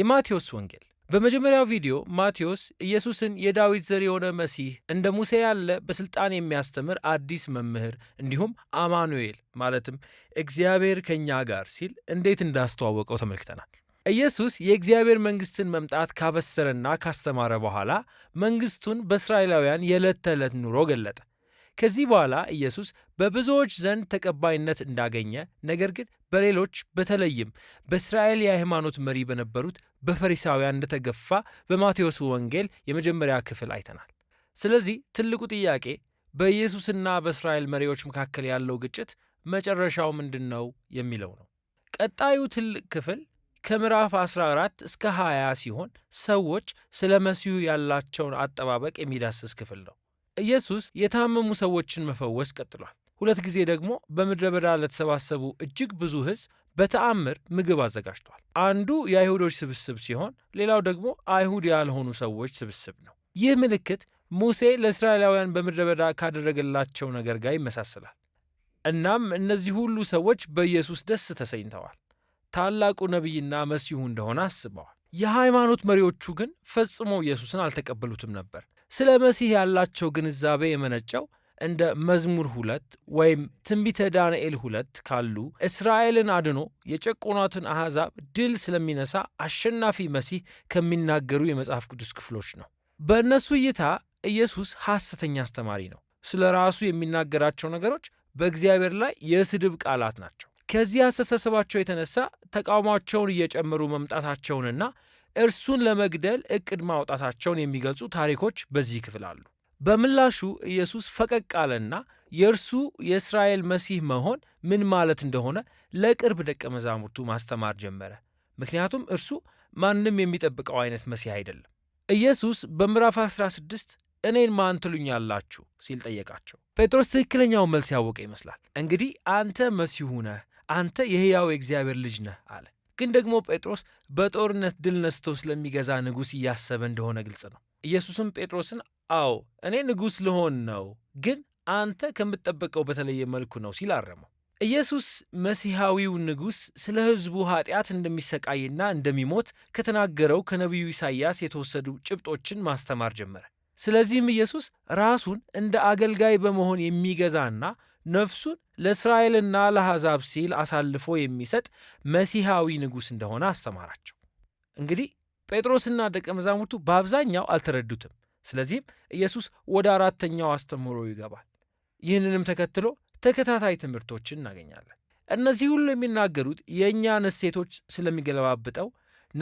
የማቴዎስ ወንጌል በመጀመሪያው ቪዲዮ ማቴዎስ ኢየሱስን የዳዊት ዘር የሆነ መሲህ እንደ ሙሴ ያለ በሥልጣን የሚያስተምር አዲስ መምህር እንዲሁም አማኑኤል ማለትም እግዚአብሔር ከእኛ ጋር ሲል እንዴት እንዳስተዋወቀው ተመልክተናል። ኢየሱስ የእግዚአብሔር መንግሥትን መምጣት ካበሰረና ካስተማረ በኋላ መንግሥቱን በእስራኤላውያን የዕለት ተዕለት ኑሮ ገለጠ። ከዚህ በኋላ ኢየሱስ በብዙዎች ዘንድ ተቀባይነት እንዳገኘ፣ ነገር ግን በሌሎች በተለይም በእስራኤል የሃይማኖት መሪ በነበሩት በፈሪሳውያን እንደተገፋ በማቴዎስ ወንጌል የመጀመሪያ ክፍል አይተናል። ስለዚህ ትልቁ ጥያቄ በኢየሱስና በእስራኤል መሪዎች መካከል ያለው ግጭት መጨረሻው ምንድን ነው የሚለው ነው። ቀጣዩ ትልቅ ክፍል ከምዕራፍ 14 እስከ 20 ሲሆን ሰዎች ስለ መሲሁ ያላቸውን አጠባበቅ የሚዳስስ ክፍል ነው። ኢየሱስ የታመሙ ሰዎችን መፈወስ ቀጥሏል። ሁለት ጊዜ ደግሞ በምድረ በዳ ለተሰባሰቡ እጅግ ብዙ ሕዝብ በተአምር ምግብ አዘጋጅቷል። አንዱ የአይሁዶች ስብስብ ሲሆን፣ ሌላው ደግሞ አይሁድ ያልሆኑ ሰዎች ስብስብ ነው። ይህ ምልክት ሙሴ ለእስራኤላውያን በምድረ በዳ ካደረገላቸው ነገር ጋር ይመሳሰላል። እናም እነዚህ ሁሉ ሰዎች በኢየሱስ ደስ ተሰኝተዋል። ታላቁ ነቢይና መሲሁ እንደሆነ አስበዋል። የሃይማኖት መሪዎቹ ግን ፈጽሞ ኢየሱስን አልተቀበሉትም ነበር። ስለ መሲህ ያላቸው ግንዛቤ የመነጨው እንደ መዝሙር ሁለት ወይም ትንቢተ ዳንኤል ሁለት ካሉ እስራኤልን አድኖ የጨቆኗትን አሕዛብ ድል ስለሚነሳ አሸናፊ መሲህ ከሚናገሩ የመጽሐፍ ቅዱስ ክፍሎች ነው። በእነሱ እይታ ኢየሱስ ሐሰተኛ አስተማሪ ነው። ስለ ራሱ የሚናገራቸው ነገሮች በእግዚአብሔር ላይ የስድብ ቃላት ናቸው። ከዚህ አስተሳሰባቸው የተነሳ ተቃውሟቸውን እየጨመሩ መምጣታቸውንና እርሱን ለመግደል እቅድ ማውጣታቸውን የሚገልጹ ታሪኮች በዚህ ክፍል አሉ። በምላሹ ኢየሱስ ፈቀቅ አለና የእርሱ የእስራኤል መሲህ መሆን ምን ማለት እንደሆነ ለቅርብ ደቀ መዛሙርቱ ማስተማር ጀመረ። ምክንያቱም እርሱ ማንም የሚጠብቀው አይነት መሲህ አይደለም። ኢየሱስ በምዕራፍ 16 እኔን ማን ትሉኛላችሁ ሲል ጠየቃቸው። ጴጥሮስ ትክክለኛውን መልስ ያወቀ ይመስላል። እንግዲህ አንተ መሲሁ ነህ አንተ የሕያው የእግዚአብሔር ልጅ ነህ አለ። ግን ደግሞ ጴጥሮስ በጦርነት ድል ነስቶ ስለሚገዛ ንጉሥ እያሰበ እንደሆነ ግልጽ ነው። ኢየሱስም ጴጥሮስን አዎ እኔ ንጉሥ ልሆን ነው፣ ግን አንተ ከምትጠበቀው በተለየ መልኩ ነው ሲል አረመው። ኢየሱስ መሲሐዊው ንጉሥ ስለ ሕዝቡ ኀጢአት እንደሚሰቃይና እንደሚሞት ከተናገረው ከነቢዩ ኢሳይያስ የተወሰዱ ጭብጦችን ማስተማር ጀመረ። ስለዚህም ኢየሱስ ራሱን እንደ አገልጋይ በመሆን የሚገዛና ነፍሱን ለእስራኤልና ለአሕዛብ ሲል አሳልፎ የሚሰጥ መሲሐዊ ንጉሥ እንደሆነ አስተማራቸው። እንግዲህ ጴጥሮስና ደቀ መዛሙርቱ በአብዛኛው አልተረዱትም። ስለዚህም ኢየሱስ ወደ አራተኛው አስተምህሮ ይገባል። ይህንንም ተከትሎ ተከታታይ ትምህርቶችን እናገኛለን። እነዚህ ሁሉ የሚናገሩት የእኛን እሴቶች ስለሚገለባብጠው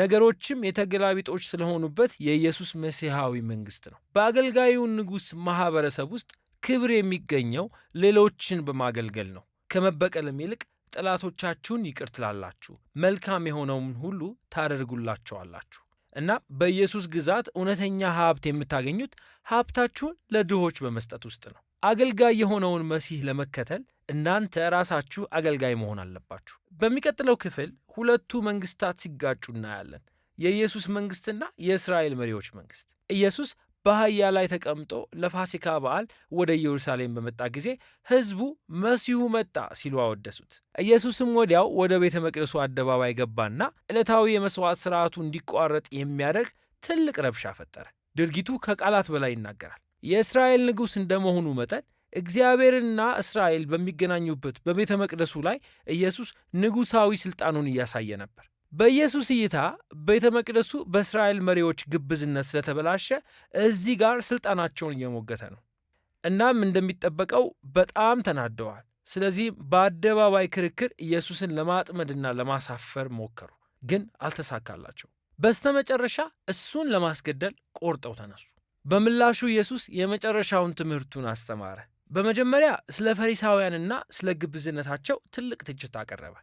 ነገሮችም የተገላቢጦች ስለሆኑበት የኢየሱስ መሲሐዊ መንግሥት ነው። በአገልጋዩ ንጉሥ ማኅበረሰብ ውስጥ ክብር የሚገኘው ሌሎችን በማገልገል ነው። ከመበቀልም ይልቅ ጠላቶቻችሁን ይቅር ትላላችሁ፣ መልካም የሆነውን ሁሉ ታደርጉላቸዋላችሁ እና በኢየሱስ ግዛት እውነተኛ ሀብት የምታገኙት ሀብታችሁን ለድሆች በመስጠት ውስጥ ነው። አገልጋይ የሆነውን መሲህ ለመከተል እናንተ ራሳችሁ አገልጋይ መሆን አለባችሁ። በሚቀጥለው ክፍል ሁለቱ መንግስታት ሲጋጩ እናያለን፤ የኢየሱስ መንግስትና የእስራኤል መሪዎች መንግስት። ኢየሱስ በአህያ ላይ ተቀምጦ ለፋሲካ በዓል ወደ ኢየሩሳሌም በመጣ ጊዜ ሕዝቡ መሲሁ መጣ ሲሉ አወደሱት። ኢየሱስም ወዲያው ወደ ቤተ መቅደሱ አደባባይ ገባና ዕለታዊ የመሥዋዕት ሥርዓቱ እንዲቋረጥ የሚያደርግ ትልቅ ረብሻ ፈጠረ። ድርጊቱ ከቃላት በላይ ይናገራል። የእስራኤል ንጉሥ እንደመሆኑ መጠን እግዚአብሔርና እስራኤል በሚገናኙበት በቤተ መቅደሱ ላይ ኢየሱስ ንጉሣዊ ሥልጣኑን እያሳየ ነበር። በኢየሱስ እይታ ቤተ መቅደሱ በእስራኤል መሪዎች ግብዝነት ስለተበላሸ እዚህ ጋር ስልጣናቸውን እየሞገተ ነው። እናም እንደሚጠበቀው በጣም ተናደዋል። ስለዚህም በአደባባይ ክርክር ኢየሱስን ለማጥመድና ለማሳፈር ሞከሩ፣ ግን አልተሳካላቸው። በስተመጨረሻ እሱን ለማስገደል ቆርጠው ተነሱ። በምላሹ ኢየሱስ የመጨረሻውን ትምህርቱን አስተማረ። በመጀመሪያ ስለ ፈሪሳውያንና ስለ ግብዝነታቸው ትልቅ ትችት አቀረበ።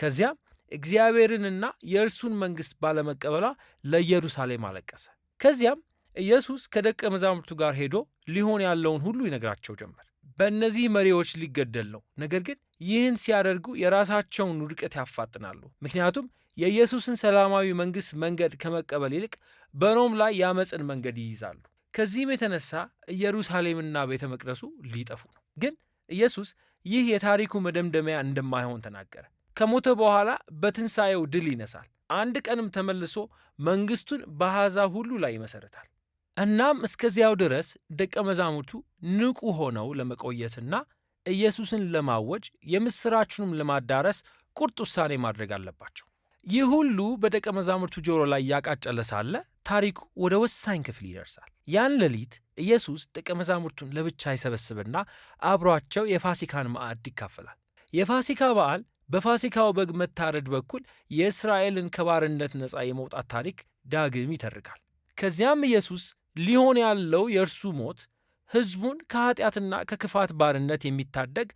ከዚያም እግዚአብሔርንና የእርሱን መንግሥት ባለመቀበሏ ለኢየሩሳሌም አለቀሰ። ከዚያም ኢየሱስ ከደቀ መዛሙርቱ ጋር ሄዶ ሊሆን ያለውን ሁሉ ይነግራቸው ጀመር። በእነዚህ መሪዎች ሊገደል ነው። ነገር ግን ይህን ሲያደርጉ የራሳቸውን ውድቀት ያፋጥናሉ። ምክንያቱም የኢየሱስን ሰላማዊ መንግሥት መንገድ ከመቀበል ይልቅ በሮም ላይ የአመፅን መንገድ ይይዛሉ። ከዚህም የተነሳ ኢየሩሳሌምና ቤተ መቅደሱ ሊጠፉ ነው። ግን ኢየሱስ ይህ የታሪኩ መደምደሚያ እንደማይሆን ተናገረ። ከሞተ በኋላ በትንሣኤው ድል ይነሳል። አንድ ቀንም ተመልሶ መንግሥቱን በአሕዛብ ሁሉ ላይ ይመሠረታል። እናም እስከዚያው ድረስ ደቀ መዛሙርቱ ንቁ ሆነው ለመቆየትና ኢየሱስን ለማወጅ የምሥራቹንም ለማዳረስ ቁርጥ ውሳኔ ማድረግ አለባቸው። ይህ ሁሉ በደቀ መዛሙርቱ ጆሮ ላይ እያቃጨለ ሳለ ታሪኩ ወደ ወሳኝ ክፍል ይደርሳል። ያን ሌሊት ኢየሱስ ደቀ መዛሙርቱን ለብቻ ይሰበስብና አብሯቸው የፋሲካን ማዕድ ይካፈላል። የፋሲካ በዓል በፋሲካው በግ መታረድ በኩል የእስራኤልን ከባርነት ነፃ የመውጣት ታሪክ ዳግም ይተርካል። ከዚያም ኢየሱስ ሊሆን ያለው የእርሱ ሞት ሕዝቡን ከኀጢአትና ከክፋት ባርነት የሚታደግ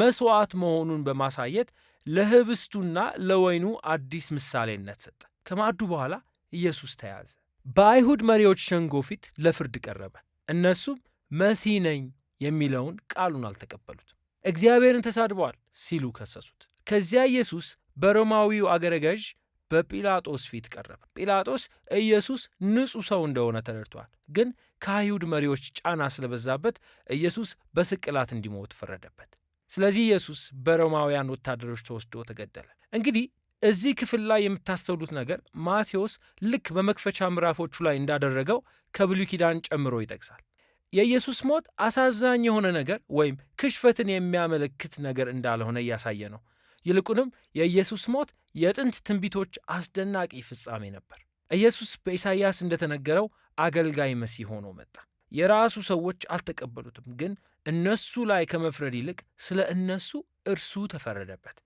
መሥዋዕት መሆኑን በማሳየት ለህብስቱና ለወይኑ አዲስ ምሳሌነት ሰጠ። ከማዕዱ በኋላ ኢየሱስ ተያዘ፣ በአይሁድ መሪዎች ሸንጎ ፊት ለፍርድ ቀረበ። እነሱም መሲህ ነኝ የሚለውን ቃሉን አልተቀበሉት፣ እግዚአብሔርን ተሳድበዋል ሲሉ ከሰሱት። ከዚያ ኢየሱስ በሮማዊው አገረ ገዥ በጲላጦስ ፊት ቀረበ። ጲላጦስ ኢየሱስ ንጹሕ ሰው እንደሆነ ተረድቷል። ግን ከአይሁድ መሪዎች ጫና ስለበዛበት ኢየሱስ በስቅላት እንዲሞት ፈረደበት። ስለዚህ ኢየሱስ በሮማውያን ወታደሮች ተወስዶ ተገደለ። እንግዲህ እዚህ ክፍል ላይ የምታስተውሉት ነገር ማቴዎስ ልክ በመክፈቻ ምዕራፎቹ ላይ እንዳደረገው ከብሉይ ኪዳን ጨምሮ ይጠቅሳል። የኢየሱስ ሞት አሳዛኝ የሆነ ነገር ወይም ክሽፈትን የሚያመለክት ነገር እንዳልሆነ እያሳየ ነው። ይልቁንም የኢየሱስ ሞት የጥንት ትንቢቶች አስደናቂ ፍጻሜ ነበር። ኢየሱስ በኢሳይያስ እንደተነገረው አገልጋይ መሲህ ሆኖ መጣ። የራሱ ሰዎች አልተቀበሉትም፣ ግን እነሱ ላይ ከመፍረድ ይልቅ ስለ እነሱ እርሱ ተፈረደበት፣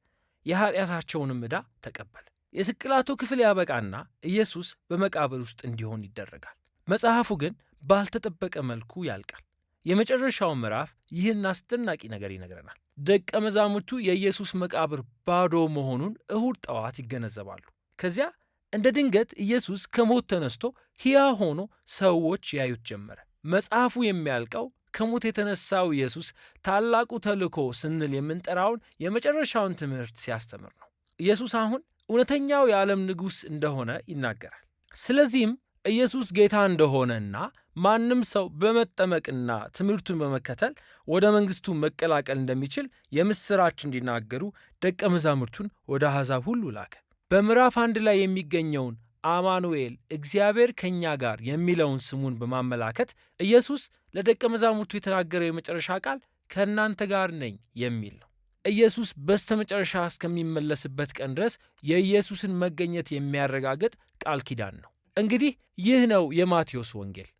የኀጢአታቸውንም ዕዳ ተቀበለ። የስቅላቱ ክፍል ያበቃና ኢየሱስ በመቃብር ውስጥ እንዲሆን ይደረጋል። መጽሐፉ ግን ባልተጠበቀ መልኩ ያልቃል። የመጨረሻው ምዕራፍ ይህን አስደናቂ ነገር ይነግረናል። ደቀ መዛሙርቱ የኢየሱስ መቃብር ባዶ መሆኑን እሁድ ጠዋት ይገነዘባሉ። ከዚያ እንደ ድንገት ኢየሱስ ከሞት ተነስቶ ሕያ ሆኖ ሰዎች ያዩት ጀመረ። መጽሐፉ የሚያልቀው ከሞት የተነሳው ኢየሱስ ታላቁ ተልእኮ ስንል የምንጠራውን የመጨረሻውን ትምህርት ሲያስተምር ነው። ኢየሱስ አሁን እውነተኛው የዓለም ንጉሥ እንደሆነ ይናገራል። ስለዚህም ኢየሱስ ጌታ እንደሆነና ማንም ሰው በመጠመቅና ትምህርቱን በመከተል ወደ መንግሥቱ መቀላቀል እንደሚችል የምሥራች እንዲናገሩ ደቀ መዛሙርቱን ወደ አሕዛብ ሁሉ ላከ። በምዕራፍ አንድ ላይ የሚገኘውን አማኑኤል እግዚአብሔር ከእኛ ጋር የሚለውን ስሙን በማመላከት ኢየሱስ ለደቀ መዛሙርቱ የተናገረው የመጨረሻ ቃል ከእናንተ ጋር ነኝ የሚል ነው። ኢየሱስ በስተ መጨረሻ እስከሚመለስበት ቀን ድረስ የኢየሱስን መገኘት የሚያረጋግጥ ቃል ኪዳን ነው። እንግዲህ ይህ ነው የማቴዎስ ወንጌል።